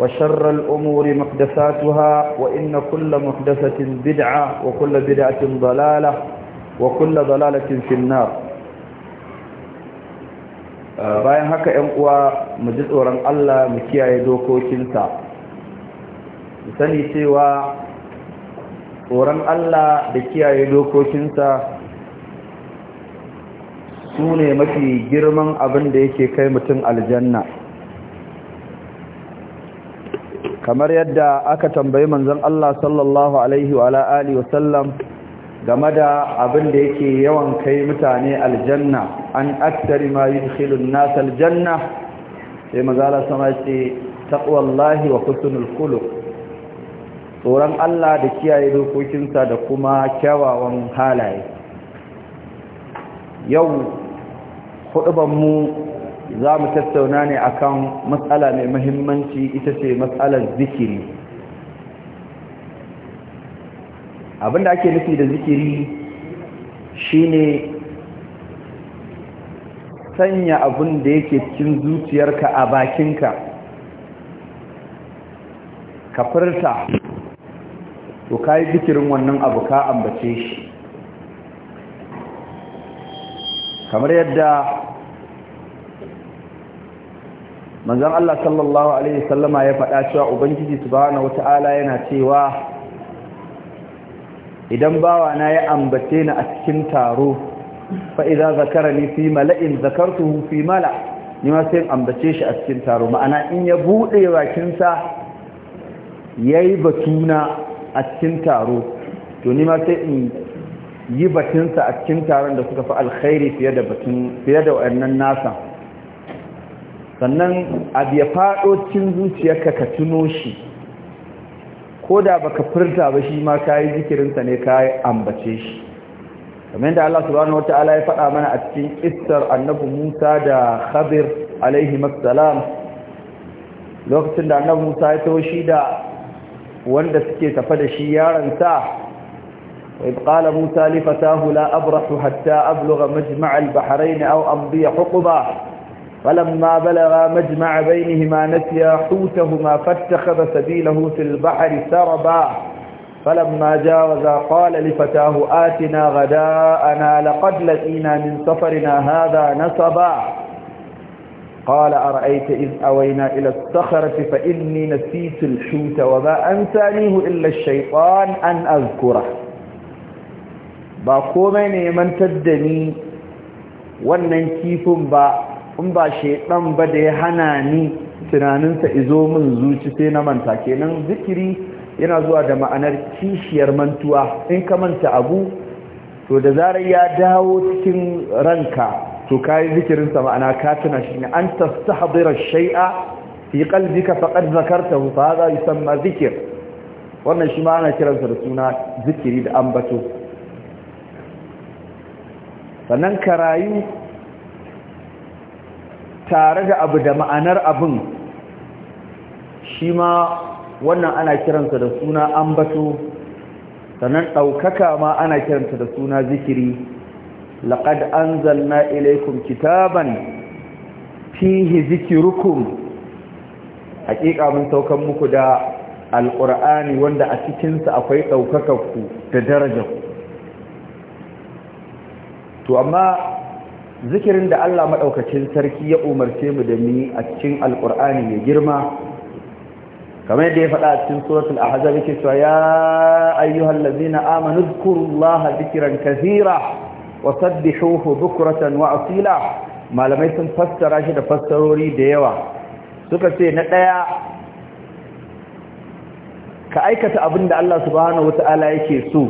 وشر الأمور محدثاتها وإن كل محدثة بدعة وكل بدعة ضلالة وكل ضلالة في النار bayan haka ‘yan uwa mu ji tsoron Allah mu kiyaye dokokinsa sani cewa tsoron Allah da kiyaye dokokinsa su ne mafi girman abin da yake kai mutum aljanna kamar yadda aka tambayi manzon Allah sallallahu alaihi wa alihi game da abin da yake yawan kai mutane aljanna an aktari ma yudkhilu an-nas aljanna sai mazala sama ce taqwallahi wa husnul khuluq tsoron Allah da kiyaye dokokinsa da kuma kyawawan halaye yau hudubanmu za mu tattauna ne a kan matsala mai mahimmanci ita ce matsalar zikiri abinda ake nufi da zikiri shine sanya abin da yake cikin zuciyarka a bakinka ka furta to ka yi zikirin wannan abu ka ambace shi kamar yadda manzon Allah sallallahu alaihi sallama ya faɗa cewa ubangiji subhanahu wata'ala yana cewa idan bawa na ya ambace ni a cikin taro fa idza zakarani fi mala'in zakartuhu fi mala ni ma sai ambace shi a cikin taro ma'ana in ya bude bakin sa yayi batuna a cikin taro to ni ma sai in yi batunsa a cikin taron da suka fi alkhairi fiye da batun fiye da nasa sannan abu ya faɗo cikin zuciyarka ka tuno shi ko da baka furta ba shi ma kayi zikirinsa ne kayi ambace shi kamar da Allah subhanahu wata'ala ya faɗa mana a cikin istar annabi Musa da khabir alaihi salam lokacin da annabi Musa ya taho shi da wanda suke tafa da shi yaransa وإذ قال موسى لفتاه لا أبرح حتى أبلغ مجمع البحرين أو أمضي حقبا فلما بلغا مجمع بينهما نسيا حوتهما فاتخذ سبيله في البحر سربا فلما جاوزا قال لفتاه آتنا غداءنا لقد لقينا من سفرنا هذا نصبا قال أرأيت إذ أوينا إلى الصخرة فإني نسيت الحوت وما أنسانيه إلا الشيطان أن أذكره باقومين يمن تدني wannan kifin ba in ba shaidan ba da ya hana ni tunaninsa izo min zuci sai na manta kenan zikiri yana zuwa da ma'anar kishiyar mantuwa in ka manta abu to da zarar ya dawo cikin ranka to kayi zikirinsa ma'ana ka tuna shi ne an tastahdira shay'a fi qalbika faqad zakartahu fa hadha yusamma zikr wannan shi ma ana kiransa da suna zikiri da ambato sannan ka rayu tare da abu da ma'anar abin shi ma wannan ana kiransa da suna ambato sannan ɗaukaka ma ana kiransa da suna zikiri laƙad an zalna ilaikun kitaban fihi zikirukun haƙiƙa mun saukan muku da alƙur'ani wanda a cikinsa akwai ɗaukakarku da darajar to amma zikirin da Allah maɗaukacin sarki ya umarce mu da ni a cikin alƙur'ani mai girma kamar yadda ya faɗa a cikin suratul ahzab yake cewa ya ayyuhal ladzina amanu dhkurullaha dhikran kathira wa sabbihuhu bukratan wa asila malamai sun fassara shi da fassarori da yawa suka ce na ɗaya ka aikata abin da Allah subhanahu wata'ala yake so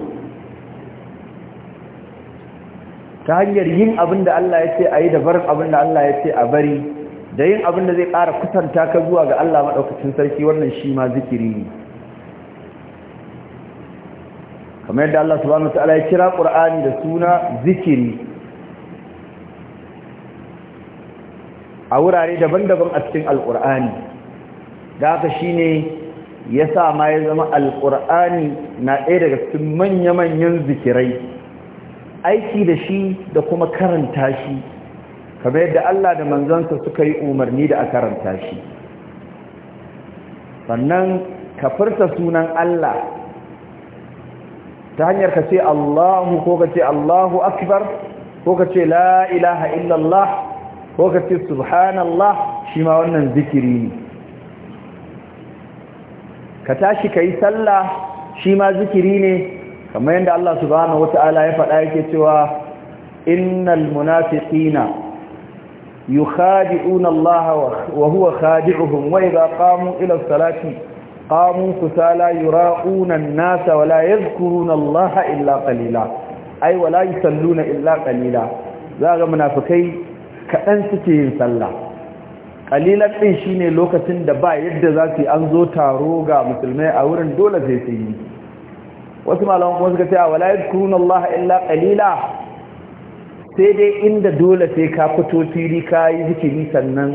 ta hanyar yin abin da Allah ya ce a yi da barin abin da Allah ya ce a bari da yin abin da zai ƙara kusanta ka zuwa ga Allah maɗaukacin sarki wannan shi ma zikiri ne kamar yadda Allah subhanahu wa ta'ala ya kira Qur'ani da suna zikiri a wurare daban-daban a cikin Al-Qur'ani da haka shine yasa ma ya zama al na ɗaya daga cikin manya-manyan zikirai aiki da shi da kuma karanta shi kamar yadda Allah da manzansa suka yi umarni da a karanta shi sannan ka furta sunan Allah ta hanyar ka ce Allahu ko ka ce Allahu akbar ko ka ce la ilaha illallah ko ka ce subhanallah shi ma wannan zikiri ne ka tashi ka yi sallah shi ma zikiri ne kamar yadda Allah subhanahu wata'ala ya faɗa yake cewa innal munafiqina yukhadi'una Allah wa huwa khadi'uhum wa idha qamu ila as-salati qamu kusala yura'una an-nasa wa la yadhkuruna Allah illa qalila ay wa la yusalluna illa qalila zaga munafikai kadan suke yin sallah qalilan din shine lokacin da ba yadda za an zo taro ga musulmai a wurin dole sai su yi wasu malaman kuma suka cewa wala yadkuruna Allah illa qalila sai dai inda dole sai ka fito fili ka yi zikiri sannan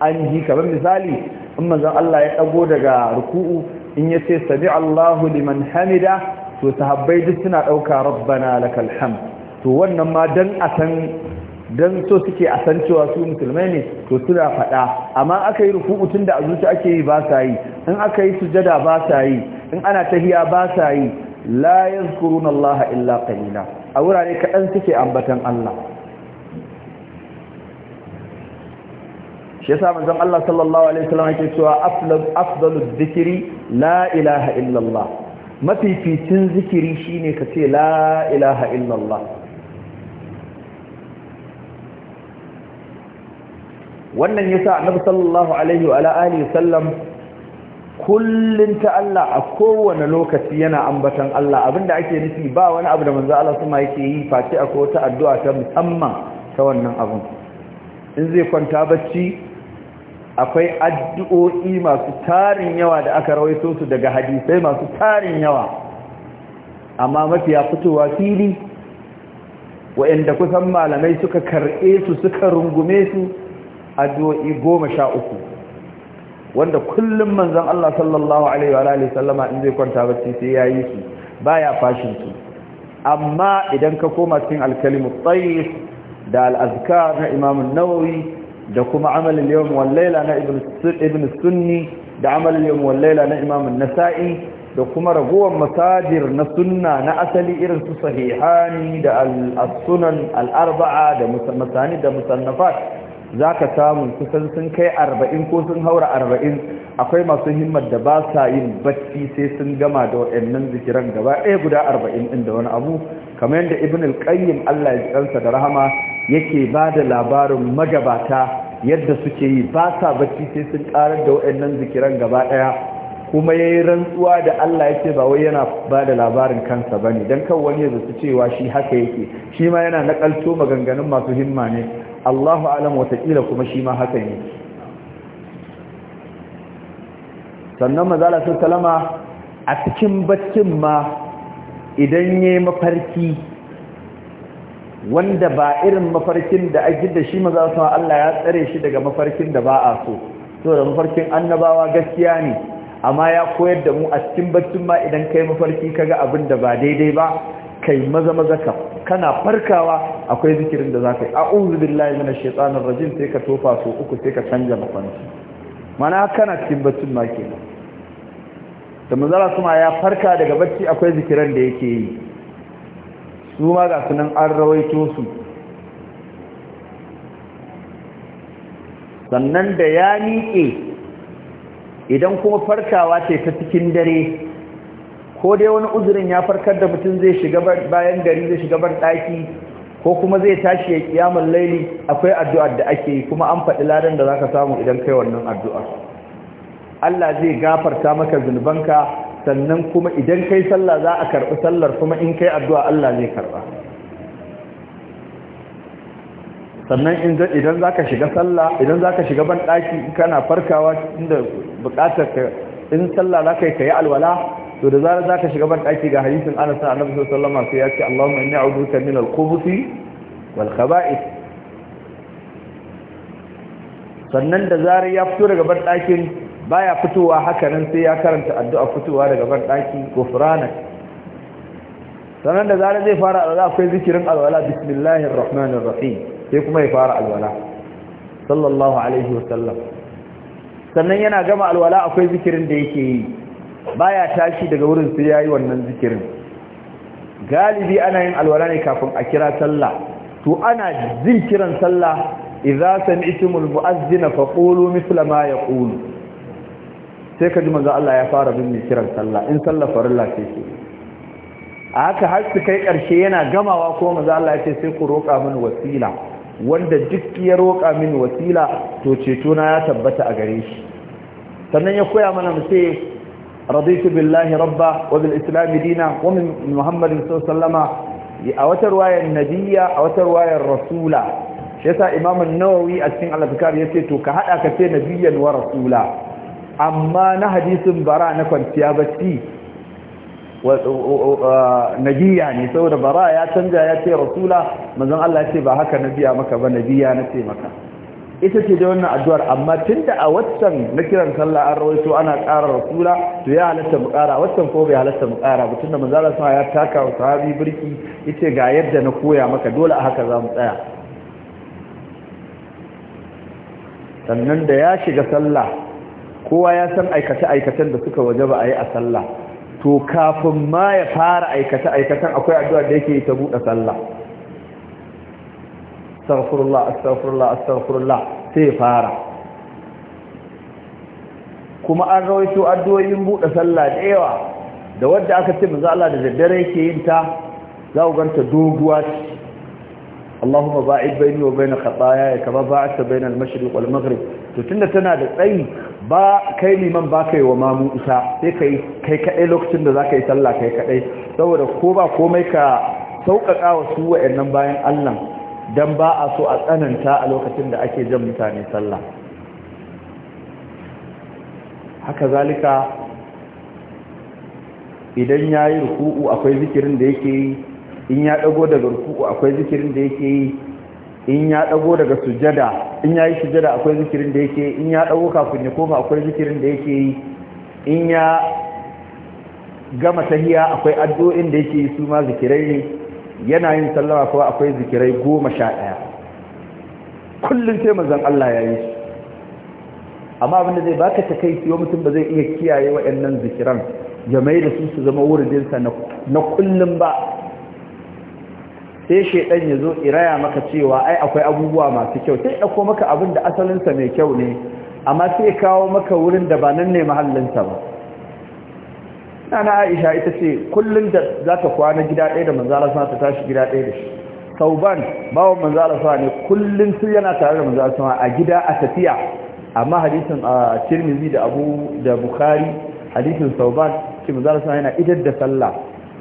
an ji kamar misali in manzon Allah ya dago daga ruku'u in ya ce sami Allahu liman hamida to sahabbai duk suna dauka rabbana lakal hamd to wannan ma dan a san dan so suke a san cewa su musulmai ne to suna faɗa. amma aka yi ruku'u tunda a zuci ake yi ba sa yi in aka yi sujada ba sa yi in ana tahiya ba sa yi la yazkuruna Allah illa qalila a wurare kaɗan suke ambatan Allah shi yasa manzon Allah sallallahu alaihi wasallam yake cewa afdal afdalud dhikri la ilaha illa Allah mafificin zikiri shine kace la ilaha illa Allah wannan yasa annabi sallallahu alaihi wa alihi kullun ta Allah a kowane lokaci yana ambatan Allah abinda ake nufi ba wani abu da manzo Allah kuma yake yi face ko wata addu'a ta musamman ta wannan abun in zai kwanta bacci akwai addu'o'i masu tarin yawa da aka rawaito su daga hadisai masu tarin yawa amma mafi mafiya fitowa fili wa'anda kusan malamai suka karɓe su suka rungume su addu'o'i goma sha uku wanda kullum manzon Allah sallallahu alaihi wa alihi sallama in zai kwanta bacci sai yayi su baya fashin su amma idan ka koma cikin al-kalimu tayyib da al-azkar na Imam an-Nawawi da kuma amal yawm wal layla na Ibn Ibn Sunni da amal yawm wal layla na Imam an-Nasa'i da kuma ragowar masajir na sunna na asali irin su sahihani da al-sunan al-arba'a da masani da musannafat za ka samu kusan sun kai arba'in ko sun haura arba'in akwai masu himmar da ba sa yin bacci sai sun gama da waɗannan zikiran gaba ɗaya guda arba'in ɗin da wani abu kamar yadda ibn al Allah ya kansa da rahama yake ba da labarin magabata yadda suke yi ba sa bacci sai sun ƙarar da waɗannan zikiran gaba ɗaya kuma ya yi rantsuwa da Allah ya ce ba wai yana ba da labarin kansa ba ne don kan wani ya zaci cewa shi haka yake shi ma yana naƙalto maganganun masu himma ne Allahu alam watakila kuma shi ma haka ne sannan mazala sun salama a cikin baccin ma idan ya mafarki wanda ba irin mafarkin da ake da shi maza sama Allah ya tsare shi daga mafarkin da ba a so saboda mafarkin annabawa gaskiya ne amma ya koyar da mu a cikin baccin ma idan yi mafarki kaga abin da ba daidai ba kai maza maza ka kana farkawa akwai zikirin da ka yi a'udhu billahi minash shaitanir rajim sai ka tofa su uku sai ka canja makwanci mana kana cikin baccin ma kenan da mazara kuma ya farka daga bacci akwai zikiran da yake yi su ma ga sunan an rawaito su sannan da ya miƙe idan kuma farkawa ce ta cikin dare ko dai wani uzurin ya farkar da mutum zai shiga bayan gari zai shiga bar daki ko kuma zai tashi ya kiyamul laili akwai addu'ar da ake yi kuma an faɗi ladan da zaka samu idan kai wannan addu'a Allah zai gafarta maka zunubanka sannan kuma idan kai sallah za a karɓi sallar kuma in kai addu'a Allah zai karɓa sannan idan za ka shiga sallah idan zaka shiga banɗaki kana farkawa inda buƙatar ka in sallah za ka yi alwala to da zarar zaka shiga ban daki ga hadisin Anas bin Annabi sallallahu alaihi wasallam sai ya ce Allahumma inni a'udhuka min al-khubuth wal khaba'ith sannan da zarar ya fito daga ban dakin baya fitowa haka nan sai ya karanta addu'a fitowa daga ban daki gufranak sannan da zarar zai fara alwala akwai zikirin alwala bismillahir rahmanir rahim sai kuma ya fara alwala sallallahu alaihi wasallam sannan yana gama alwala akwai zikirin da yake yi baya tashi daga wurin sai yayi wannan zikirin galibi ana yin alwala ne kafin a kira sallah to ana jin kiran sallah idza sami'tumul mu'azzina faqulu mithla ma yaqul sai kaji manzo Allah ya fara bin kiran sallah in sallah farilla sai ce a haka har su kai karshe yana gamawa ko manzo Allah ya ce sai ku roƙa mini wasila wanda duk ya roƙa mini wasila to ceto na ya tabbata a gare shi sannan ya koya mana mu sai رضيت بالله ربا وبالإسلام دينا ومن محمد صلى الله عليه وسلم أو ترواية النبي أو ترواية الرسول شيسا إمام النووي أسين على بكار يسيتو كهذا كتير نبيا ورسولا أما نهديث براء نكون سيابتي nabiya ne saboda bara ya canja ya ce rasula manzon Allah ya ce ba haka nabiya maka ba nabiya na ce maka ita ce da wannan addu'ar amma tunda a waccan na kiran sallah an rawaito ana ƙara rasula to ya halatta mu ƙara waccan ko bai halatta mu ƙara ba tunda manzo Allah ya taka wa sahabi birki yace ga yadda na koya maka dole a haka za mu tsaya sannan da ya shiga sallah kowa ya san aikace aikacen da suka waje a yi a sallah to kafin ma ya fara aikace aikacen akwai addu'ar da yake ta buɗe sallah astaghfirullah astaghfirullah astaghfirullah sai fara kuma an rawaito addu'o'in buɗe sallah da yawa da wadda aka ce manzo Allah da daddare yake yin ta za ku ganta doguwa Allahumma ba'id baini wa baina khataaya kama ba'adta baina al-mashriq wal maghrib to tunda tana da tsayi ba kai liman ba kai wa mamu isa sai kai kai kadai lokacin da zaka yi sallah kai kadai saboda ko ba komai ka sauƙaƙa wa su wa'annan bayan Allah don ba a so a tsananta a lokacin da ake jan mutane sallah haka zalika idan ya yi ruku'u akwai zikirin da yake yi in ya ɗago daga ruku'u akwai zikirin da yake yi in ya ɗago daga sujada in ya yi sujada akwai zikirin da yake in ya ɗago kafin ya koma akwai zikirin da yake yi in ya gama tahiya akwai addu'o'in da yake yi su ma zikirai ne yana yin sallama kuwa akwai zikirai goma sha ɗaya kullum sai mazan Allah ya yi amma abinda da zai baka kai siyo mutum ba zai iya kiyaye waɗannan zikiran ya mai da su su zama wuridinsa na kullum ba sai shaidan ya zo iraya maka cewa ai akwai abubuwa masu kyau sai ɗauko maka abin da asalinsa mai kyau ne amma sai kawo maka wurin da ba nan ne mahallinsa ba nana aisha ita ce kullum da za ta kwana gida ɗaya da manzara sa ta tashi gida ɗaya da shi sauban bawan manzara sa ne kullum sun yana tare da manzara sa a gida a tafiya amma hadisin a tirmizi da abu da bukhari hadisin sauban ce manzara sa yana idar da sallah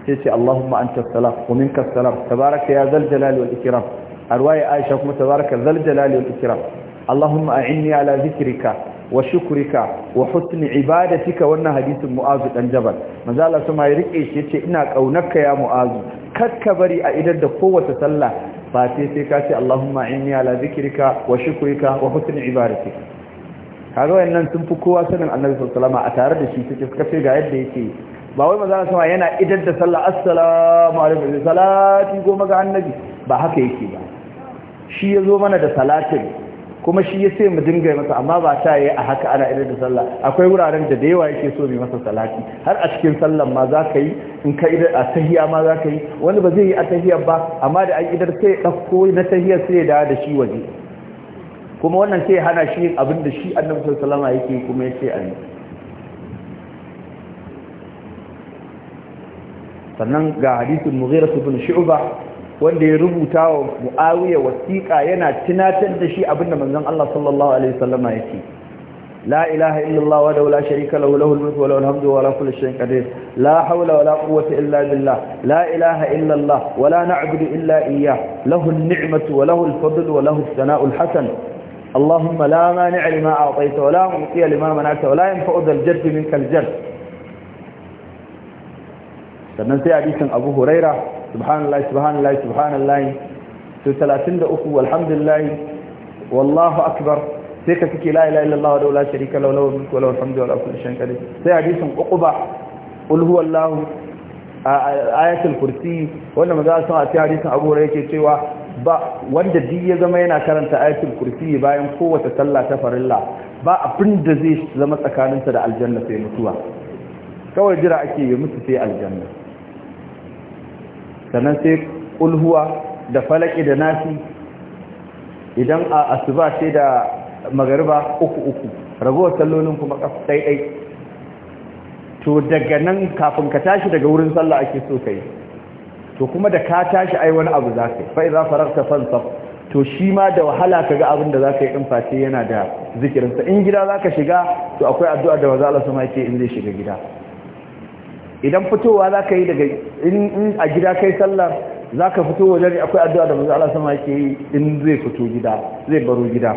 sai ce allahumma anta salam wa minka salam tabaraka ya zal jalali wal ikram a aisha kuma tabaraka zal jalali wal ikram allahumma a'inni ala zikrika wa shukrika wa husni ibadatika wannan hadisin mu'azu dan jabal manzo Allah sama ya rike shi yace ina kaunarka ya mu'azu kakka bari a idar da kowace sallah ba sai sai ka ce Allahumma inni ala zikrika wa shukrika wa husni ibadatika kaga wannan sun fi kowa sanin Annabi sallallahu alaihi a tare da shi take suka ce ga yadda yake ba wai manzo Allah sama yana idar da sallah assalamu alaikum salati goma ga annabi ba haka yake ba shi yazo mana da salatin kuma shi ya ce mu dinga masa amma ba ta yi a haka ana idan da sallah akwai wuraren da da yawa yake so mai masa salati har a cikin sallan ma za ka yi in ka idar a tahiya ma za ka yi wani ba zai yi a tahiyar ba amma da an idar sai ɗauko na tahiyar sai ya dawo da shi waje kuma wannan sai hana shi yin abin da shi annabi sallallahu alaihi yake kuma ya ce a yi sannan ga hadisin mughirah ibn shu'bah wanda ya rubuta wa mu'awiya wasiƙa yana tunatar da shi abinda manzon Allah sallallahu alaihi wasallama yake la ilaha illallah wa la sharika lahu lahul mulku wa lahul hamdu wa la kulli shay'in qadir la hawla wa la quwwata illa billah la ilaha illallah wa la na'budu illa iyyah lahul ni'matu wa lahul fadlu wa lahus sana'ul hasan اللهم لا مانع لما أعطيت ولا معطي لما منعت ولا ينفع ذا الجد منك الجد sannan sai hadisin Abu Huraira subhanallah subhanallah talatin da uku alhamdulillah wallahu akbar sai ka kike la ilaha illallah wa la sharika lahu lahu mulku wa lahu alhamdu wa lahu kulli shay'in qadir sai hadisin uquba qul huwallahu ayatul kursi wanda maza sun a hadisin abu hurairah yake cewa ba wanda duk ya zama yana karanta ayatul kursi bayan kowace sallah ta farilla ba abin da zai zama tsakaninsa da aljanna sai mutuwa kawai jira ake yi musu sai aljanna sannan sai kulhuwa da falaki da nasi idan a asuba sai da magariba uku uku ragowar sallolin kuma dai to daga nan kafin ka tashi daga wurin sallah ake so kai to kuma da ka tashi ai wani abu za ka yi za fararta fansaf to shi ma da wahala kaga abin da za ka yi yana da zikirinsa in gida zaka shiga to akwai addu'a da maza sama ma yake in zai shiga gida idan fitowa za ka yi daga in a gida kai sallar za ka fito wajen akwai addu'a da mazu Allah sama ke yi in zai fito gida zai baro gida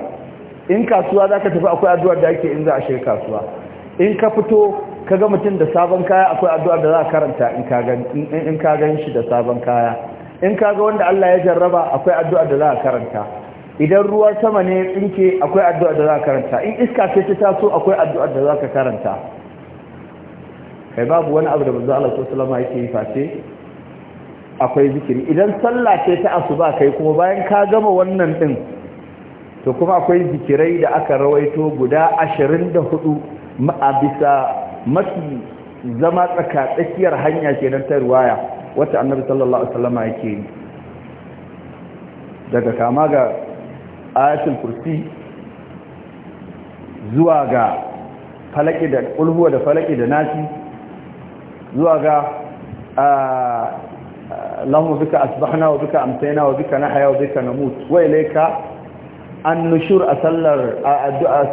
in kasuwa za ka tafi akwai addu'ar da ake in za a shiga kasuwa in ka fito ka ga mutum da sabon kaya akwai addu'ar da za a karanta in ka gan shi da sabon kaya in ka ga wanda Allah ya jarraba akwai addu'ar da za a karanta idan ruwan sama ne tsinke akwai addu'ar da za a karanta in iska ce ta taso akwai addu'ar da za ka karanta kai babu wani abu da manzo Allah sallallahu alaihi yake yi face akwai zikiri idan sallah ce ta asuba kai kuma bayan ka gama wannan din to kuma akwai zikirai da aka rawaito guda 24 a bisa mafi zama tsaka tsakiyar hanya kenan ta riwaya wacce annabi sallallahu alaihi wasallam yake yi daga kama ga ayatul kursi zuwa ga falaki da kulhuwa da falaki da nasi zuwa ga lahun bika asbahna wa bika amsayna wa bika haya wa bika mut wai laika an-nushur a addu'ar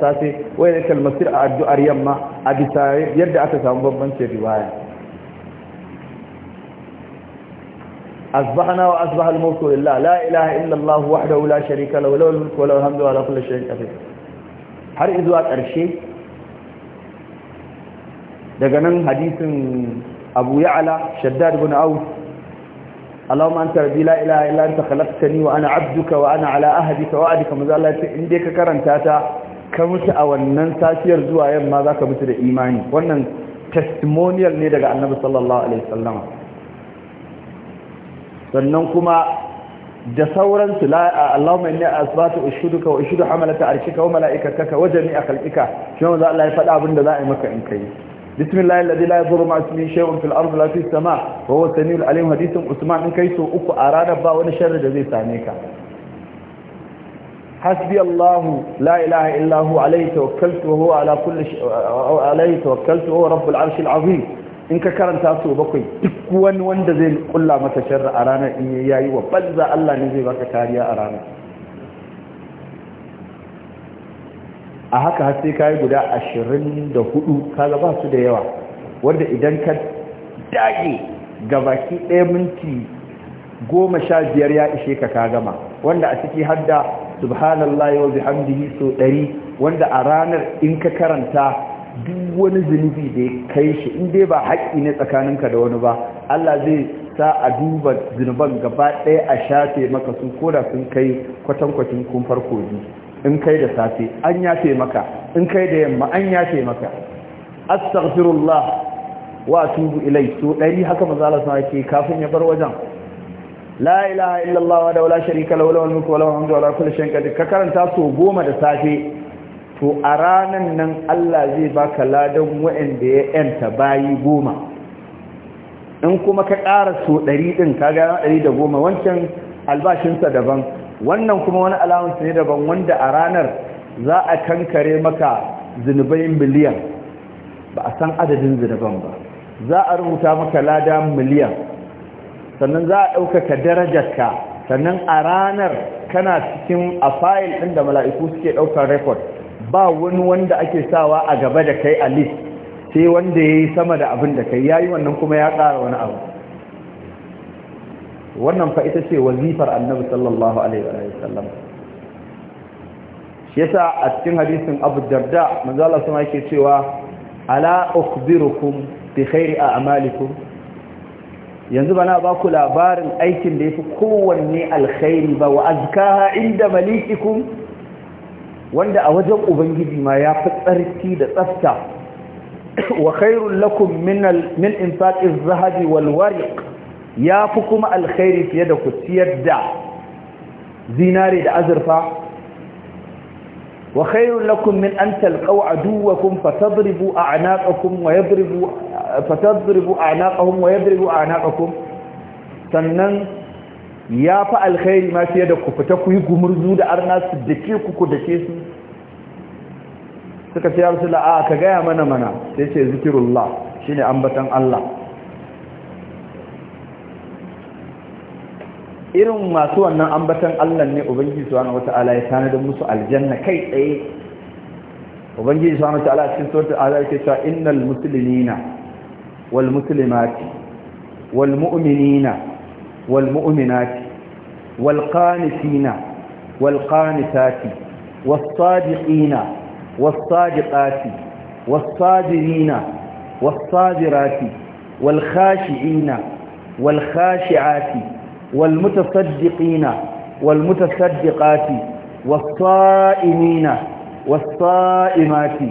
Sati wa laika Almasir a addu'ar yamma abisa yadda aka samu bambancin riwaya أصبحنا وأصبح illa لله لا إله إلا الله وحده لا شريك له له الملك وله الحمد على كل شيء قدير har izuwa ƙarshe daga nan hadisin abu ya'ala shaddad ibn aus Allahumma anta rabbi la ilaha illa anta khalaqtani wa ana 'abduka wa ana 'ala ahdika wa wa'dika maza Allah ce in dai ka karanta ta ka mutu a wannan safiyar zuwa yamma zaka mutu da imani wannan testimonial ne daga Annabi sallallahu alaihi wasallam sannan kuma da sauran su Allahumma inni asbatu ushuduka wa ushudu hamalata arshika wa malaikataka wa jami'a khalqika shi maza Allah ya faɗa abin da za a yi maka in kai بسم الله الذي لا يضر مع اسمه شيء في الارض لا في السماء وهو السميع العليم حديث عثمان ان كيسو اكو ارانا با wani sharri da zai same ka hasbi Allah la ilaha a hu alayhi tawakkaltu wa huwa ala kulli alayhi tawakkaltu wa rabbul arshil azim in ka karanta su bakwai duk wani wanda zai kulla maka sharri a ranar in yayi wa banza Allah ne zai baka kariya a a haka har sai ka yi guda ashirin da hudu kaga ba su da yawa wanda idan ka dage ga baki ɗaya minti goma sha biyar ya ishe ka ka gama wanda a ciki hadda subhanallah wa bihamdihi so ɗari wanda a ranar in ka karanta duk wani zunubi da ya kai shi in dai ba haƙƙi ne tsakaninka da wani ba Allah zai sa a duba zunuban gaba ɗaya a shafe maka su koda sun kai kwatankwacin kun farko ji in kai da safe an yafe maka in kai da yamma an yafe maka astaghfirullah wa atubu ilai to dari haka manzo Allah sai yake kafin ya bar wajen la ilaha illallah wa la sharika lahu lahul mulku wa hamdu wa kulli shay'in kadi ka karanta so goma da safe to a ranan nan Allah zai baka ladan wa'anda ya yanta bayi goma in kuma ka ƙara so ɗari ɗin ka ga ɗari da goma wancan albashinsa daban wannan kuma wani allowance ne daban wanda a ranar za a kankare maka zunubai miliyan ba a san adadin zunuban ba za a rubuta maka lada miliyan sannan za a ɗaukaka darajarka sannan a ranar kana cikin a fayil ɗin da mala'iku suke ɗaukar rekod ba wani wanda ake sawa a gaba da kai a list sai wanda ya yi sama da abin da kai ya yi wannan kuma ya ƙara wani abu wannan fa ita ce wazifar annabi sallallahu alaihi wa sallam shi yasa a cikin hadisin Abu Darda manzo Allah sama yake cewa ala ukhbirukum bi khairi a'malikum yanzu bana ba ku labarin aikin da yafi kowanne alkhairi ba wa azkaha inda malikikum wanda a wajen ubangiji ma ya fi tsarki da tsafta wa khairul lakum min al min zahabi wal wariq ya fi kuma alkhairi fiye da ku siyar da zinare da azurfa wa khairun lakum min an talqaw aduwakum fatadribu a'naqakum wa yadribu fatadribu a'naqahum wa yadribu a'naqakum sannan ya fi alkhairi ma fiye da ku fita ku yi gumurzu da arna su ke ku ku dake su suka ce ya rasu la'a ka gaya mana mana sai ce zikirullah shine ambatan Allah irin masu wannan ambatan Allah ne ubangiji subhanahu wataala ya tanada musu aljanna kai tsaye ubangiji subhanahu wataala cikin suratul ala yake cewa innal muslimina wal muslimati wal mu'minina wal mu'minati wal qanitina wal qanitati was sadiqina was sadiqati was sadirina was sadirati wal khashiina wal khashi'ati wal mutasaddiqina wal mutasaddiqati was sa'imina was sa'imati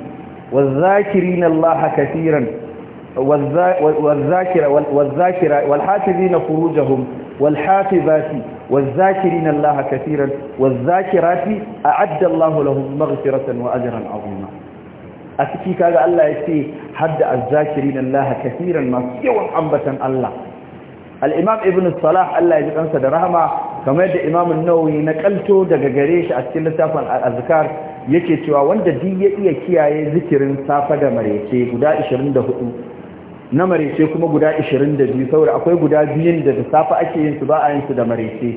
waz zakirina Allah katiran waz zakira waz zakira wal hafizina furujahum wal hafizati waz zakirina Allah katiran waz zakirati wa ajran 'azima a ciki kaga Allah ya ce hadda azzakirin Allah masu yawan ambatan Allah al-imam ibn salah Allah ya ji kansa da rahama kamar yadda imam an-nawawi na kalto daga gare shi a cikin littafin al-azkar yake cewa wanda duk ya iya kiyaye zikirin safa da marece guda 24 na marece kuma guda 22 saboda akwai guda biyun da da safa ake yin su ba a yin su da marece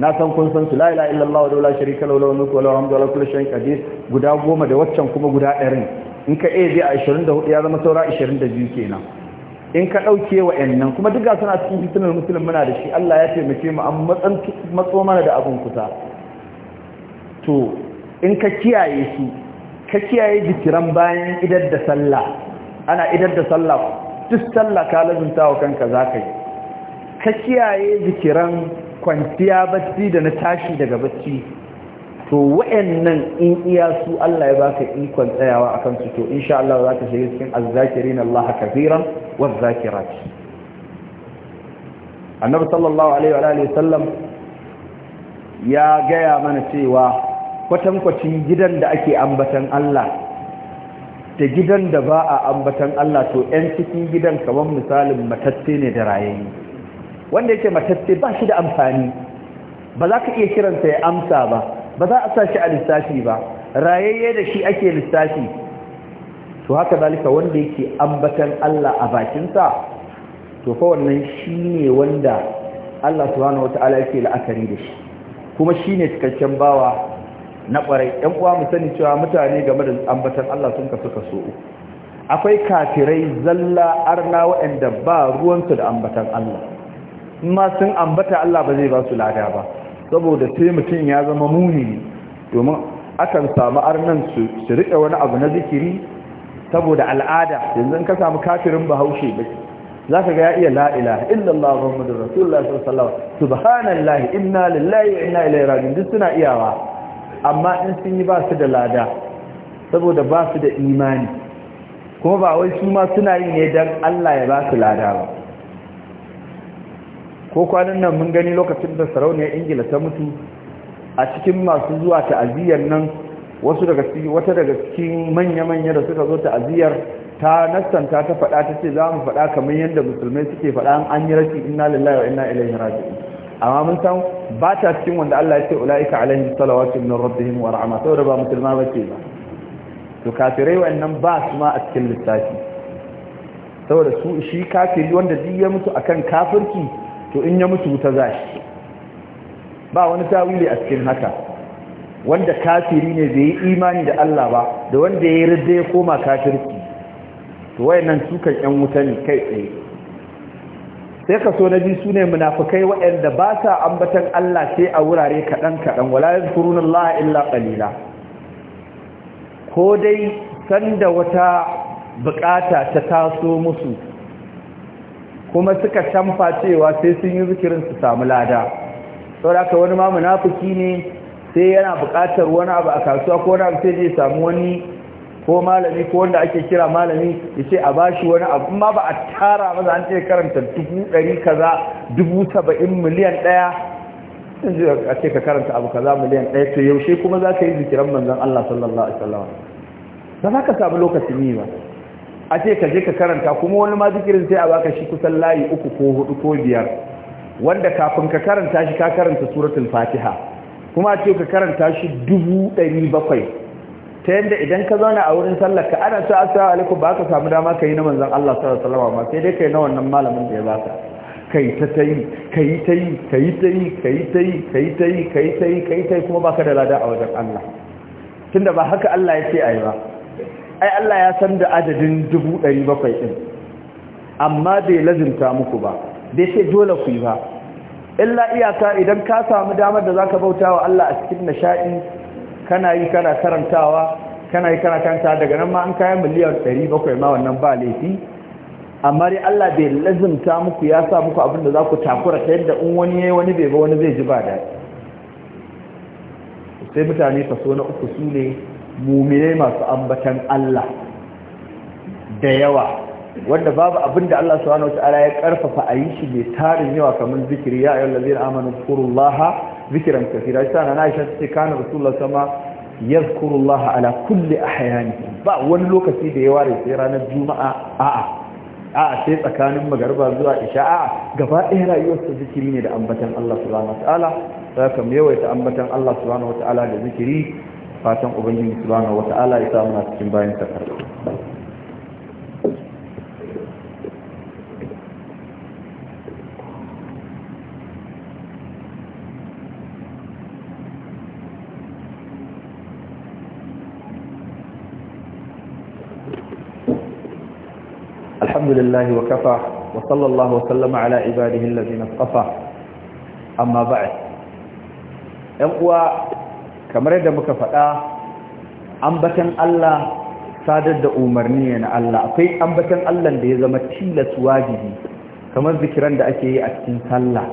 na san kun san su la ilaha illallah wa la sharika lahu wa la ilaha illallah wa la kullu shay'in qadir guda goma da waccan kuma guda 20 in ka iya bi a 24 ya zama saura 22 kenan in ka ɗauke wa ƴannan kuma duka suna cikin fitinar musulun muna da shi Allah ya taimake mu an matso mana da abin kusa to in ka kiyaye su ka kiyaye jikiran bayan idar da sallah ana idar da sallah duk sallah ka lazunta wa kanka za ka yi ka kiyaye jikiran kwanciya bacci da na tashi daga bacci to wa'annan in iya su Allah ya baka ikon tsayawa akan su to insha Allah za ka shiga cikin azzakirin Allah kafiran wa zakirat annabi sallallahu alaihi wa alihi sallam ya gaya mana cewa kwatankwacin gidan da ake ambatan Allah da gidan da ba a ambatan Allah to ɗan cikin gidan kamar misalin matatte ne da rayayi wanda yake matatte ba shi da amfani ba za ka iya kiransa ya amsa ba ba za a sa shi a lissafi ba rayayye da shi ake lissafi to haka zalika wanda yake ambatan Allah a bakinsa to fa wannan shine wanda Allah subhanahu wataala yake la'akari da shi kuma shine cikakken bawa na kwarai ɗan uwa mu sani cewa mutane game da ambatan Allah sun kasu kaso akwai kafirai zalla arna waɗanda ba ruwansu da ambatan Allah in ma sun ambata Allah ba zai ba su lada ba saboda sai mutum ya zama muni domin akan samu arnan su riƙe wani abu na zikiri saboda al'ada yanzu ka samu kafirin bahaushe ba za ka ga ya iya la'ilaha illallah muhammadur rasulullah sallallahu alaihi subhanallahi inna lillahi wa inna ilaihi raji'un duk suna iyawa amma in sun yi ba su da lada saboda ba su da imani kuma ba wai su ma suna yin ne dan Allah ya ba su lada ba ko kwanan nan mun gani lokacin da sarauniyar ingila ta mutu a cikin masu zuwa ta'aziyar nan wasu daga cikin wata daga cikin manya-manya da suka zo ta'aziyar, ta nastanta ta faɗa ta ce za mu faɗa kamar yadda musulmai suke faɗa an yi rashi inna lillahi wa inna ilaihi raji'un amma mun san ba ta cikin wanda Allah ya ce ulaika alaihim salawatu min rabbihim wa rahma saboda ba musulma ba ce ba to kafirai wa'annan ba su ma a cikin lissafi saboda su shi kafiri wanda duk ya mutu akan kafirci to in ya mutu wuta za shi ba wani tawili a cikin haka wanda kafiri ne bai yi imani da Allah ba da wanda ya yi ya koma kafirci to wayannan sukan yan wuta ne kai tsaye sai ka so na ji su ne munafukai waɗanda ba sa ambatan Allah sai a wurare kaɗan-kaɗan wala yadhkuruna Allah illa qalila ko dai sanda wata bukata ta taso musu kuma suka shamfa cewa sai sun yi zikirin su samu lada saboda wani ma munafiki ne sai yana buƙatar wani abu a kasuwa ko wani abu sai zai samu wani ko malami ko wanda ake kira malami ya ce a bashi wani abu ma ba a tara maza an ce karanta dubu ɗari kaza dubu saba'in miliyan ɗaya sun ji a ce ka karanta abu kaza miliyan ɗaya to yaushe kuma za ka yi zikiran manzan Allah sallallahu alaihi wasallam ba za ka samu lokacin yi ba a ce ka je ka karanta kuma wani ma zikirin sai a baka shi kusan layi uku ko hudu ko biyar wanda kafin ka karanta shi ka karanta suratul fatiha kuma a ce ka karanta shi dubu ɗari bakwai ta yadda idan ka zauna a wurin sallar ka ana sa asa alaikum ba ka samu dama ka yi na manzan Allah sallallahu alaihi wasallam sai dai kai na wannan malamin da ya baka kai ta tayi kai tayi kai tayi kai tayi kai tayi kai yi kai tayi kuma baka da lada a wajen Allah tunda ba haka Allah ya ce ayi ba ai Allah ya san da adadin 700 din amma bai lazimta muku ba bai sai dole ku yi ba illa iyaka idan ka samu damar da zaka bauta wa Allah a cikin nishadi kana yi kana karantawa kana yi kana kanta daga nan ma an kayan miliyan 700 ma wannan ba laifi amma dai Allah bai lazimta muku ya sa muku abin da za takura ta yadda in wani yayi wani bai ba wani zai ji ba da. sai mutane faso na uku su ne mumine masu ambatan Allah da yawa wanda babu abin da Allah subhanahu wataala ya karfafa a yi shi mai tarin yawa kamar zikiri ya ayyuhal ladzina amanu zkurullaha zikran kathira sana na Aisha ce kana rasulullah sama yazkurullaha ala kulli ahyani ba wani lokaci da ya da sai ranar juma'a a'a a'a sai tsakanin magariba zuwa isha a'a gaba ɗaya rayuwarsa zikiri ne da ambatan Allah subhanahu wataala yawaita ambatan Allah subhanahu wataala da zikiri fatan ubangiji subhanahu wata'ala ya samu cikin bayan sa الحمد لله وكفى وصلى الله وسلم على عباده الذين اصطفى أما بعد ‘yan uwa kamar yadda muka faɗa ambatan Allah sadar da umarni na Allah akwai ambatan Allah da ya zama tilas wajibi kamar zikiran da ake yi a cikin sallah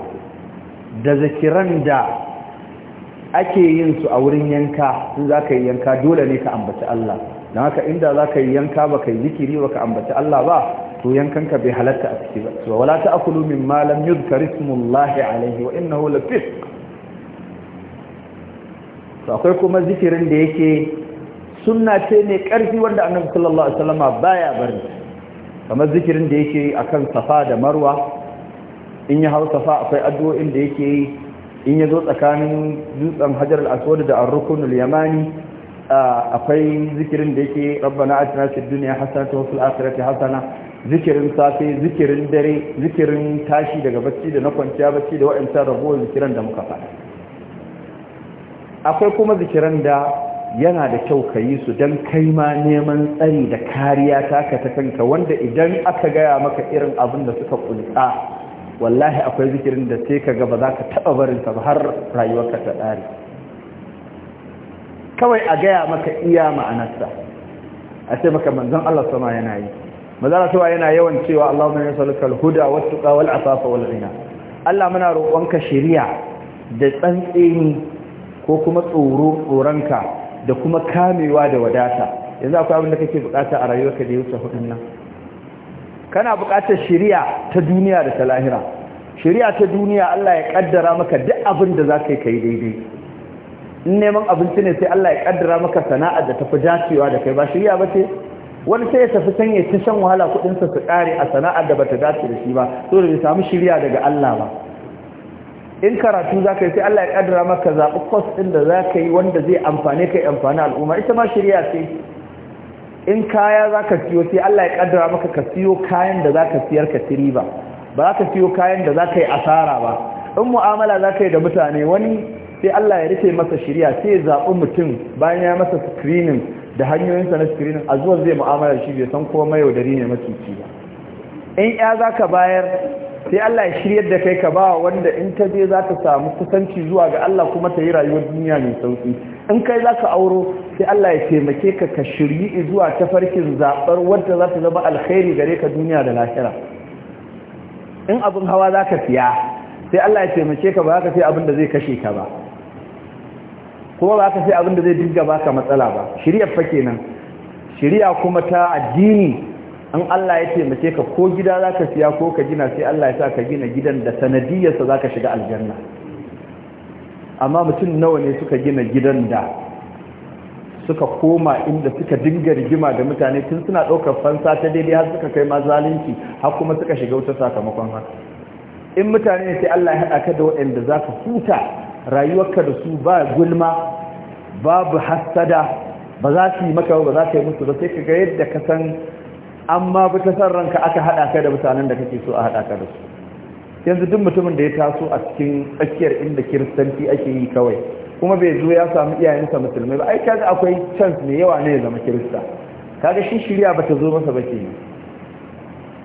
da zikiran da ake yin su a wurin yanka sun za ka yi yanka dole ne ka ambaci Allah don haka inda za ka yi yanka ba ka yi zikiri ba ka ambaci Allah ba to yankanka bai halatta a ciki ba wala ta akulu min malam yuzkar ismullahi alaihi wa innahu lafis to akwai kuma zikirin da yake sunna ce mai ƙarfi wanda annabi sallallahu alaihi wasallama baya bari kamar zikirin da yake akan safa da marwa in ya hau safa akwai addu'o'in da yake yi in ya zo tsakanin dutsen hajar al-aswad da ar-rukunul yamani akwai zikirin da yake rabbana atina fid dunya hasanatan wa fil akhirati hasana zikirin safe zikirin dare zikirin tashi daga bacci da na kwanciya bacci da wa'ancan rabuwar zikiran da muka faɗa akwai kuma zikiran da yana da kyau ka yi su don kai ma neman tsari da kariya taka ta kanka wanda idan aka gaya maka irin abin da suka kunsa wallahi akwai zikirin da sai ka gaba za ka taɓa barinsa ba har rayuwarka ta ɗari kawai a gaya maka iya ma'anarsa a ce maka manzon Allah sama yana yi mazala cewa yana yawan cewa Allahumma ya saluka al-huda wa tuqa asafa afafa wal ghina Allah muna roƙonka shari'a da tsantseni ko kuma tsoro tsoronka da kuma kamewa da wadata yanzu akwai abin da kake bukata a rayuwarka da wuce hudun nan kana bukatar shari'a ta duniya da ta lahira shari'a ta duniya Allah ya kaddara maka duk abin da za ka yi kai daidai in neman abinci ne sai Allah ya kaddara maka sana'ar da tafi dacewa da kai ba shari'a ba ce wani sai ya tafi sanya ta shan wahala kudinsa su kare a sana'ar da bata dace da shi ba saboda bai samu shari'a daga Allah ba in karatu za ka yi sai Allah ya kaddara maka zaɓi kwas ɗin da za ka yi wanda zai amfane ka yi amfani al'umma ita ma shirya ce in kaya za ka siyo sai Allah ya kaddara maka ka siyo kayan da za ka siyar ka siri ba ba za ka siyo kayan da za ka yi asara ba in mu'amala za ka yi da mutane wani sai Allah ya rufe masa shirya sai ya zaɓi mutum bayan ya masa screening da hanyoyinsa na screening a zuwa zai mu'amala shi bai san komai yaudari ne macici ba in ya za ka bayar sai Allah ya shiryar da kai ka ba wanda in ta je za ta samu kusanci zuwa ga Allah kuma ta yi rayuwar duniya mai sauki in kai za ka auro sai Allah ya taimake ka ka shiryi zuwa ta farkin zaɓar wadda za ta zama alkhairi gare ka duniya da lahira in abin hawa za ka siya sai Allah ya taimake ka ba ka sai abin da zai kashe ka ba kuma ba ka sai abin da zai dinga baka matsala ba shirya fa kenan shirya kuma ta addini an Allah ya mace ka ko gida za ka siya ko ka gina sai Allah ya sa ka gina gidan da sanadiyarsa za ka shiga aljanna amma mutum nawa ne suka gina gidan da suka koma inda suka dinga rigima da mutane tun suna ɗaukar fansa ta daidai har suka kai ma zalunci har kuma suka shiga wuta sakamakon haka in mutane ne sai Allah ya haɗa ka da waɗanda za ka huta rayuwarka da su ba gulma babu hassada ba za su yi maka ba za ka yi musu ba sai ka ga yadda ka san amma ba ta san ranka aka hada ka da mutanen da kake so a hada ka da su yanzu duk mutumin da ya taso a cikin tsakiyar inda kiristanci ake yi kawai kuma bai zo ya samu iyayensa musulmai ba ai kaga akwai chance ne yawa ne ya zama kirista kaga shi shirya ta zo masa ba kenan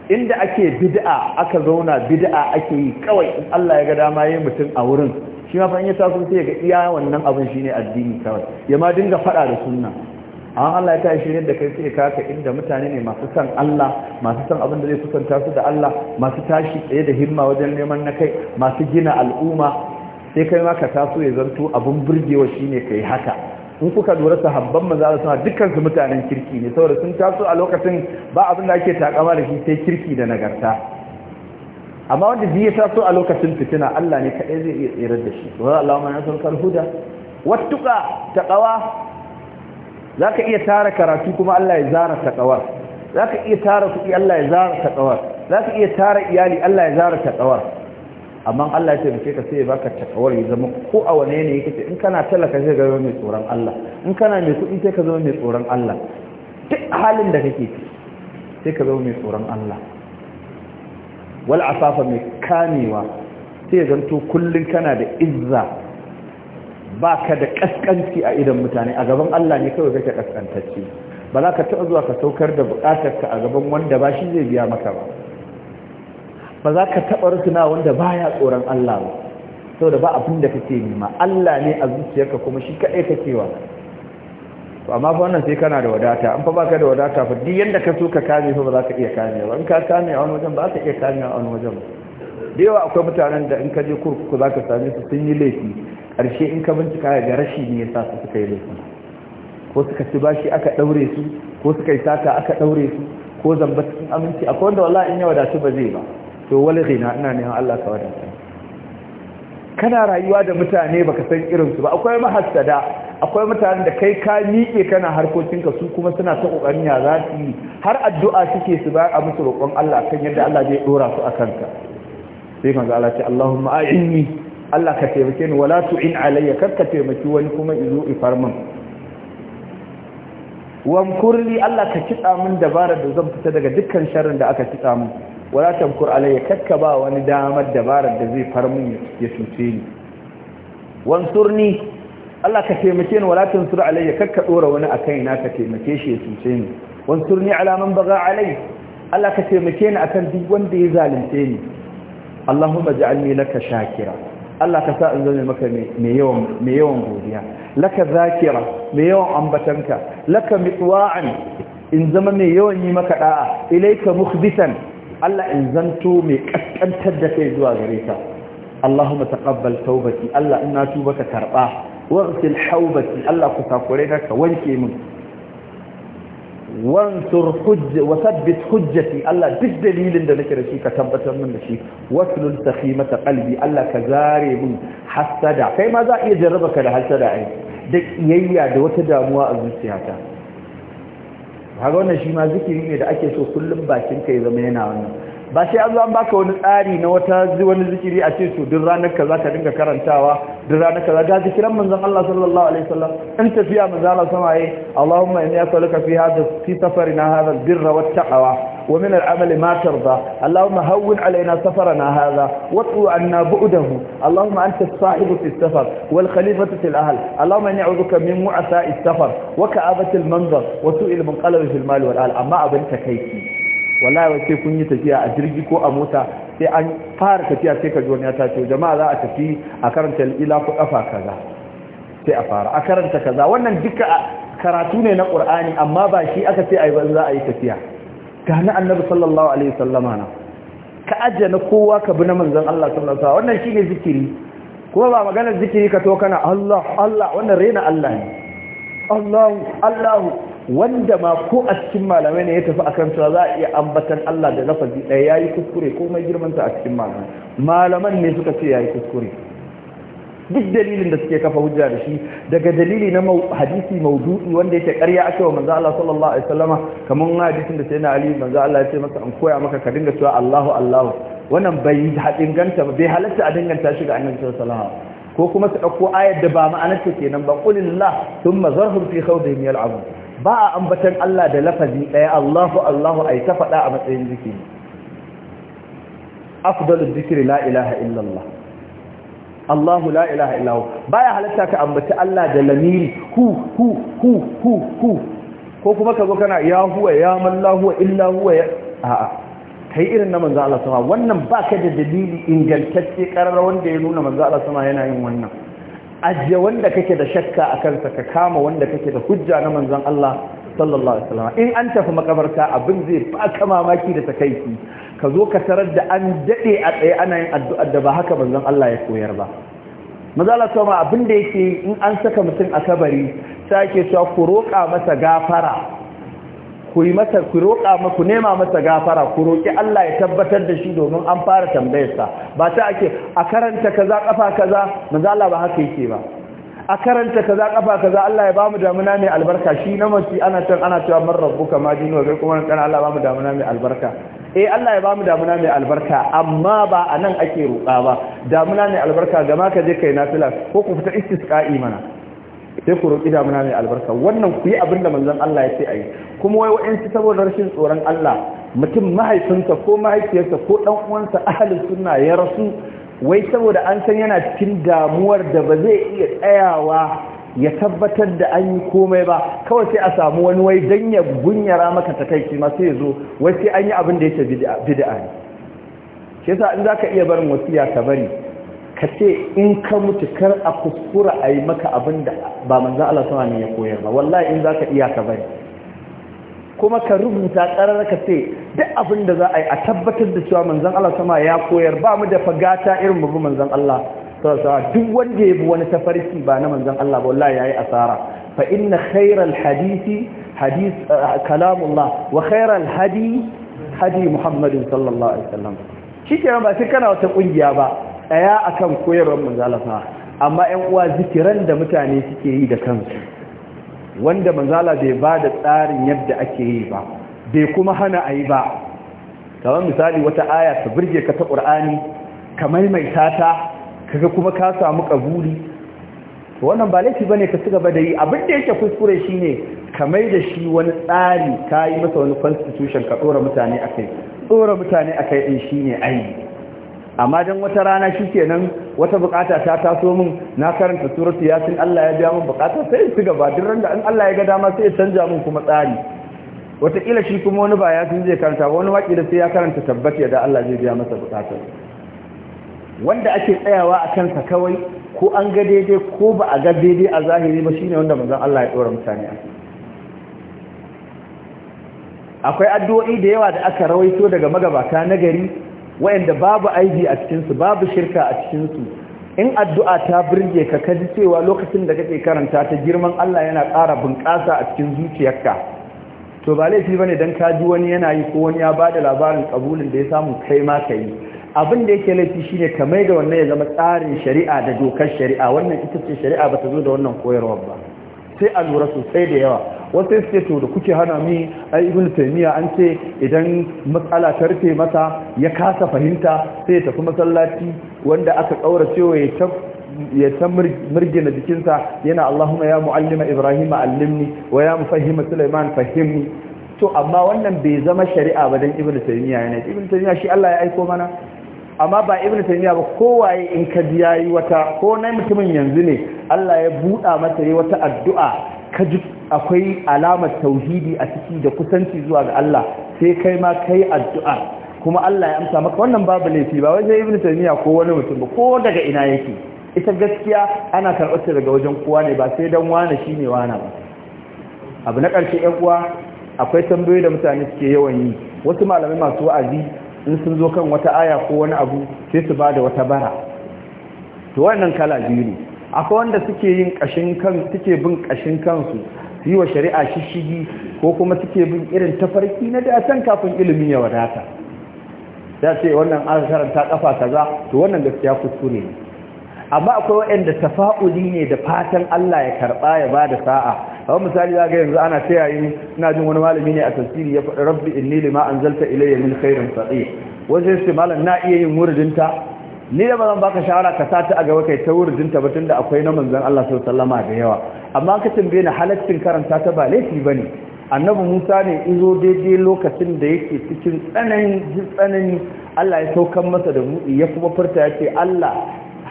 inda ake bid'a aka zauna bid'a ake yi kawai in Allah ya ga dama yayin mutum a wurin shi ma fa in ya taso sai ya ga iya wannan abin shine addini kawai ya ma dinga fada da sunna an Allah ya tashi shirin da kai sai kaka inda mutane ne masu san Allah masu san abin da zai kusanta su da Allah masu tashi tsaye da himma wajen neman na kai masu gina al'umma sai kai ma ka taso ya zanto abin burgewa shine kai haka in kuka lura sahabban maza suna dukkan su mutanen kirki ne saboda sun taso a lokacin ba abin da ake takama da shi sai kirki da nagarta amma wanda zai taso a lokacin fitina Allah ne kaɗai zai iya tsirar da shi wa Allahumma ma huda wattuqa taqwa za ka iya tara karatu kuma Allah ya zara taƙawar za ka iya tara kuɗi Allah ya zara taƙawar za ka iya tara iyali Allah ya zara taƙawar amma Allah ya taimake ka sai ya baka takawar ya zama ko a wane ne yake in kana talaka sai ka zama mai tsoron Allah in kana mai kuɗi sai ka zama mai tsoron Allah duk halin da kake ciki sai ka zama mai tsoron Allah wal asafa mai kamewa sai ya zanto kullun kana da izza ba ka da ƙasƙanci a idan mutane a gaban Allah ne kawai kake ƙasƙantacce ba za ka taɓa zuwa ka saukar da buƙatarka a gaban wanda ba shi zai biya maka ba ba za ka taɓa rusuna wanda ba ya tsoron Allah ba Sau da ba abin da kake nema Allah ne a zuciyarka kuma shi kaɗai kake wa to amma fa wannan sai kana da wadata an fa baka da wadata fa duk yanda ka so ka kame fa ba za ka iya kame in ka kame a wani wajen ba za ka iya kame a wani wajen ba da yawa akwai mutanen da in ka je kurkuku za ka same su sun yi laifi ƙarshe in ka bincika ga rashi ne ya sa su suka yi laifi ko suka ci bashi aka ɗaure su ko suka yi sata aka ɗaure su ko zamba cikin aminci akwai wanda wallahi in ya wadatu ba zai ba to wala na ina neman Allah ka wadata kana rayuwa da mutane baka san irinsu ba akwai mahassada akwai mutanen da kai ka miƙe kana harkokin ka su kuma suna ta kokarin ya za su yi har addu'a suke su ba a musu roƙon Allah kan yadda Allah zai ɗora su a kanka sai manzo Allah ce Allahumma a'inni Allah ka taimake ni wala tu'in alayya kar taimaki wani kuma izo ifarman wamkurli Allah ka kitsa min dabarar da zan fita daga dukkan sharrin da aka kitsa min wala tamkur alayya kakka ba wani damar dabarar da zai far ya cuce ni wansurni Allah ka taimake ni wala tansur alayya kakka dora wani akan ina ka taimake shi ya cuce ni wansurni ala man baga alai Allah ka taimake ni akan duk wanda ya zalunce ni Allahumma ja'alni laka shakira Allah ka sa in zame maka mai yawan mai yawan godiya laka zakira me yawan ambatanka laka mitwa'an in zama mai yawan yi maka da'a ilaika mukhbitan Allah in zanto mai kaskantar da kai zuwa gare ka Allahumma taqabbal tawbati Allah ina tuba ka karba waghsil hawbati Allah ku sakure ka wanke min wansur hujja wa sabbit hujjati Allah duk dalilin da nake da shi ka tabbatar min da shi waslul sahimata qalbi Allah ka zare min hasada kai ma za iya jarraba ka da hasada ai da kiyayya da wata damuwa a zuciyata ga wannan shi ma zikiri ne da ake so kullum bakin ka ya zama yana wannan ba sai baka wani tsari na wata wani zikiri a ce to duk ranar kaza ka dinga karantawa duk ranar kaza ga zikiran manzon Allah sallallahu alaihi wasallam in tafiya manzon Allah sama yayi Allahumma inni as'aluka fi hadha fi safarina hadha albirra wat taqwa wa min al'amal ma tarda Allahumma hawwin alaina safara na wa tu anna bu'dahu Allahumma anta as-sahibu fi as-safar wal khalifatu fi al-ahl Allahumma inni a'udhuka min mu'asa as-safar wa ka'abati al-manzar wa su'il min qalbi fi amma abin takaiti wallahi sai kun yi tafiya a jirgi ko a mota sai an fara tafiya sai ka wani ya tace jama'a za a tafi a karanta ila ku kafa kaza sai a fara a karanta kaza wannan duka karatu ne na qur'ani amma ba shi aka ce ai ba za a yi tafiya ga na annabi sallallahu alaihi wasallama na ka ajjana kowa ka bi na manzon Allah sallallahu alaihi wasallam wannan shine zikiri kuma ba maganar zikiri ka to kana Allah Allah wannan rena Allah ne Allah Allah wanda ma ko a cikin malamai ne ya tafi a kan cewa za a iya ambatan Allah da lafazi ɗaya ya yi kuskure ko mai girmanta a cikin malamai malaman ne suka ce ya yi kuskure duk dalilin da suke kafa hujja da shi daga dalili na hadisi maudu'i wanda yake ƙarya ake wa manzo Allah sallallahu alaihi wasallama kaman hadisin da sai na Ali manzo Allah ya ce masa an koya maka ka dinga cewa Allahu Allahu wannan bai inganta bai halatta a danganta shi ga annabi sallallahu alaihi wasallam ko kuma su ɗauko ayar da ba ma'anarta kenan ba qulillah thumma zarhum fi khawdihim yal'abun ba a ambatan Allah da lafazi ɗaya Allahu Allahu ai ta faɗa a matsayin zikiri afdalul zikri la ilaha illallah Allahu la ilaha illahu baya halatta ka ambaci Allah da lamiri hu hu hu hu hu ko kuma ka zo kana ya huwa ya mallahu illa huwa ya a'a kai irin na manzo Allah sama wannan baka da dalili ingantacce karar wanda ya nuna manzo Allah sama yana yin wannan ajiye wanda kake da shakka a kansa ka kama wanda kake da hujja na manzon Allah sallallahu alaihi wasallam in an tafi makabarta abin zai baka mamaki da takaici ka zo ka tarar da an dade a tsaye ana yin addu'ar da ba haka manzon Allah ya koyar ba mazala to ma abin da yake in an saka mutum a kabari sai ke cewa ku roƙa masa gafara ku yi masa ku roƙa ma ku nema masa gafara ku roƙi Allah ya tabbatar da shi domin an fara tambayar sa ba ta ake a karanta kaza kafa kaza manzo Allah ba haka yake ba a karanta kaza kafa kaza Allah ya bamu damuna mai albarka shi na mace ana can ana cewa man rabbuka ma dinu wa kuma kana Allah bamu damuna mai albarka eh Allah ya bamu damuna mai albarka amma ba anan ake roƙa ba damuna mai albarka ga ma ka je kai nafila ko ku fita istisqa'i mana sai ku roƙi damuna mai albarka wannan ku yi abin da manzon Allah ya ce a yi kuma wai waɗansu saboda rashin tsoron Allah mutum mahaifinsa ko mahaifiyarsa ko ɗan uwansa ahalin suna ya rasu wai saboda an san yana cikin damuwar da ba zai iya tsayawa ya tabbatar da an yi komai ba kawai sai a samu wani wai dan ya gunyara maka takaici ma sai ya zo wai sai an yi abin da ce bid'a ne shi yasa in zaka iya barin wasiya ka bari ka ce in ka mutu kar a kuskura a yi maka abin da ba manzo Allah sama ne ya koyar ba wallahi in ka iya ka bari kuma ka rubuta karar ka ce duk abin da za a yi a tabbatar da cewa manzan Allah sama ya koyar ba mu da fagata irin mu manzan Allah duk wanda ya bi wani tafarki ba na manzan Allah ba wallahi yi asara fa inna khayral hadisi hadis eh, kalamullah wa khayral hadi hadi muhammadin sallallahu alaihi wasallam shi kenan ba sai kana wata kungiya ba tsaya akan koyarwar manzalafa amma yan uwa zikiran da mutane suke yi da kansu wanda manzala bai ba da tsarin yadda ake yi ba bai kuma hana a yi ba kamar misali wata aya ta birge ka ta ƙur'ani ka maimaita ta kaga kuma ka samu ƙabuli wannan ba laifi bane ka cigaba da yi abin da yake kuskure shine ka mai da shi wani tsari ka yi masa wani constitution ka ɗora mutane a kai. ɗora mutane a akai ɗin shine aini amma dan wata rana shikenan wata bukata ta taso min na karanta suratu yasin Allah ya biya min bukata sai su gaba duk randa in Allah ya ga dama sai ya canja min kuma tsari watakila shi kuma wani ba yasin zai karanta wani waki da sai ya karanta tabbati da Allah zai biya masa bukata wanda ake tsayawa a kansa kawai ko an ga daidai ko ba a ga daidai a zahiri ba shine wanda manzon Allah ya dora mutane a akwai addu'o'i da yawa da aka rawaito daga magabata na gari wayanda babu aibi a cikinsu babu shirka a cikin su in addu'a ta birge ka kaji cewa lokacin da kake karanta ta girman Allah yana ƙara bunƙasa a cikin zuciyarka to ba laifi bane dan ka ji wani yana yi ko wani ya bada labarin kabulin da ya samu kai ma ka yi abin da yake laifi shine ka mai da wannan ya zama tsarin shari'a da dokar shari'a wannan ita ce shari'a ba ta zo da wannan koyarwa ba sai a lura sosai da yawa wasu ya suke to da kuke hana mi ai ibnu taymiya an ce idan matsala ta rufe masa ya kasa fahimta sai ya tafi masallaci wanda aka kaurace wa ya ya ta murgina jikinsa yana Allahumma ya mu'allima Ibrahim allimni wa ya mufahima Sulaiman fahimni to amma wannan bai zama shari'a ba dan Ibn Taymiyyah yana Ibn taimiyya shi Allah ya aiko mana amma ba Ibn taimiyya ba kowaye in ka ji yayi wata ko na mutumin yanzu ne Allah ya buɗa masa yayi wata addu'a ka ji akwai alamar tauhidi a ciki da kusanci zuwa ga Allah sai kai ma kai addu'a kuma Allah ya amsa maka wannan babu laifi ba wajen ibnu taymiya ko wani mutum ba ko daga ina yake ita gaskiya ana karɓar ta daga wajen kowa ne ba sai dan wani shine wani ba abu na ƙarshe ɗan uwa akwai tambayoyi da mutane suke yawan yi wasu malamai masu wa'azi in sun zo kan wata aya ko wani abu sai su bada wata bara to wannan kala biyu ne akwai wanda suke yin kashin kan suke bin kashin kansu su yi wa shari'a shishigi ko kuma suke bin irin tafarki na da san kafin ilimin ya wadata da ce wannan an karanta kafa kaza to wannan gaskiya kuskure ne amma akwai waɗanda tafa'uli ne da fatan Allah ya karɓa ya bada sa'a kamar misali za ga yanzu ana taya yi ina jin wani malami ne a tafsiri ya faɗi rabbi inni lima anzalta ilayya min khairin sadi wajen shi malam na iya yin muridinta ni da ba zan baka shawara ka sata a gaba kai ta wurin ta batun da akwai na manzon Allah sallama da yawa amma ka tambaye ni halaccin karanta ta ba laifi bane annabi Musa ne izo daidai lokacin da yake cikin tsananin tsanani Allah ya saukar masa da mu ya kuma furta ce Allah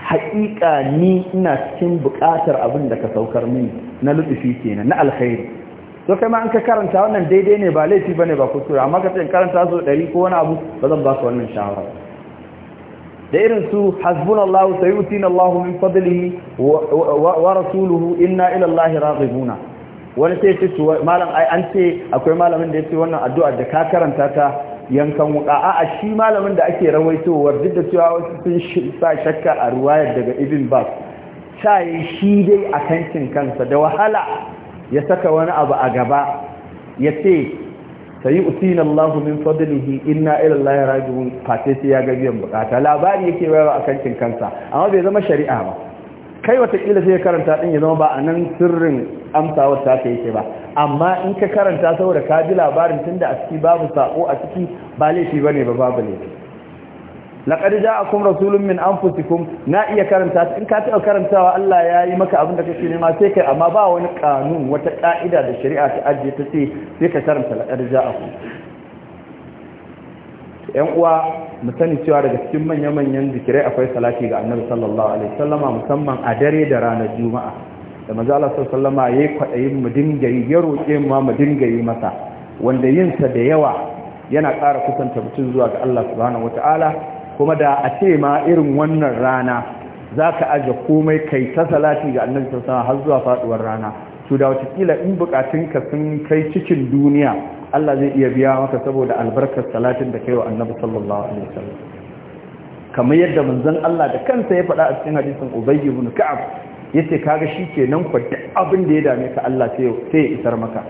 haƙiƙa ni ina cikin buƙatar abin da ka saukar mini na lutufi kenan na alkhairi to kai ma an ka karanta wannan daidai ne ba laifi bane ba kuskure amma ka ce karanta so 100 ko wani abu ba zan baka wannan shawara da irin su hasbunallahu sayutina Allahu min fadlihi wa rasuluhu inna ila Allahi raghibuna wani sai ce malam ai an ce akwai malamin da yace wannan addu'a da ka karanta ta yankan wuka a shi malamin da ake rawaitowar duk da cewa wasu sun sa shakka a ruwayar daga Ibn Bas sai shi dai a kankin kansa da wahala ya saka wani abu a gaba ya ce sai utina Allahu min fadlihi inna ila Allah rajiun fate sai ya ga biyan bukata labari yake bayarwa akan kin kansa amma bai zama shari'a ba kai watakila sai ya karanta din ya zama ba a nan sirrin amsawar ta ka yake ba amma in ka karanta saboda ka ji labarin tunda a ciki babu sako a ciki ba laifi bane ba babu laifi laqad ja'akum rasulun min anfusikum na iya karanta in ka taɓa karantawa Allah ya yi maka abin da kake nema sai kai amma ba wani kanun wata ka'ida da shari'a ta ajiye ta ce sai ka karanta laqad ja'akum yan uwa mu sani cewa daga cikin manya-manyan zikirai akwai salati ga annabi sallallahu alaihi wasallama musamman a dare da ranar juma'a da maza Allah sallallahu alaihi yayi kwadayin mu dinga yi ya roƙe mu mu dinga yi masa wanda yinsa da yawa yana ƙara kusanta mutum zuwa ga Allah subhanahu wataala kuma da a ce ma irin wannan rana za ka aje komai kai ta salati ga annabi sassana har zuwa faduwar rana to da watakila in ka sun kai cikin duniya Allah zai iya biya maka saboda albarkar salatin da kai wa annabi sallallahu alaihi wasallam kamar yadda manzon Allah da kansa ya faɗa a cikin hadisin Ubay ibn Ka'ab yace kaga shikenan ku duk abin da ya dame ka Allah sai ya isar maka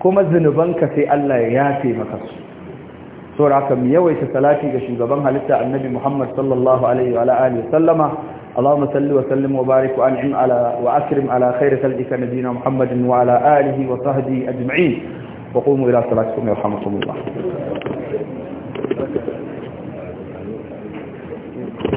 kuma zinubanka sai Allah ya yafe maka saboda haka mu yawaita salati ga shugaban halitta annabi Muhammad sallallahu alaihi wa alihi wa sallama Allahumma salli wa sallim wa barik wa ala wa akrim ala khairi khalqika nabiyyina Muhammadin wa ala alihi wa sahbihi ajma'in wa qumu ila salatikum yarhamukumullah